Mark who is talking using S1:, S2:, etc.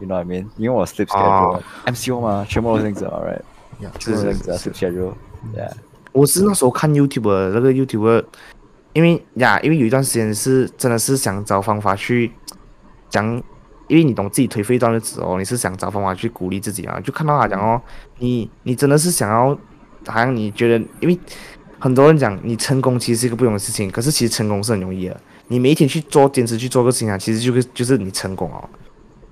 S1: You know what I mean，因為我
S2: sleep
S1: schedule，M i, mean?、
S2: uh, you know I mean? O、uh, yeah, 嘛，全部都係整 all right 全部都係 sleep schedule。yeah 我是那時候看 YouTube，那個 YouTube，因為呀、yeah，因為有一段時間是真的是想找方法去講，因為你懂自己頹廢一段日子哦，你是想找方法去鼓勵自己啊，就看到佢講哦，mm. 你你真的是想要，好像你覺得，因為很多人講你成功其實係一個不容易嘅事情，可是其實成功係很容易嘅，你每一天去做堅持去做個事情啊，其實就係就是你成功哦。